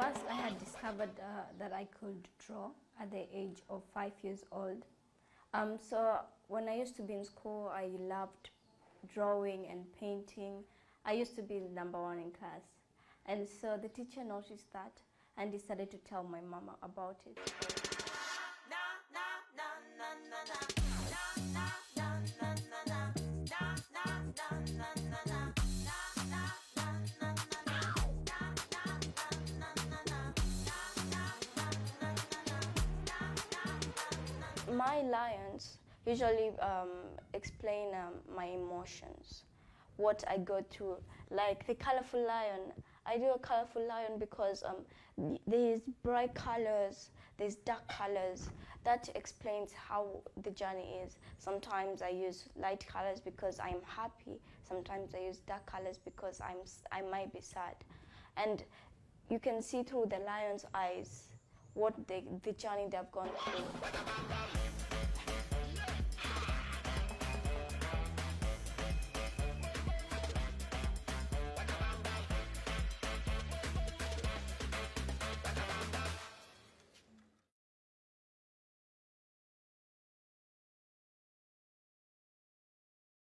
First, I had discovered uh, that I could draw at the age of five years old. Um, so when I used to be in school, I loved drawing and painting. I used to be number one in class. And so the teacher noticed that and decided to tell my mama about it. My lions usually um, explain um, my emotions, what I go through. Like the colorful lion, I do a colorful lion because um, there's bright colors, there's dark colors. That explains how the journey is. Sometimes I use light colors because I'm happy. Sometimes I use dark colors because I'm I might be sad, and you can see through the lion's eyes what they, the journey they've gone through.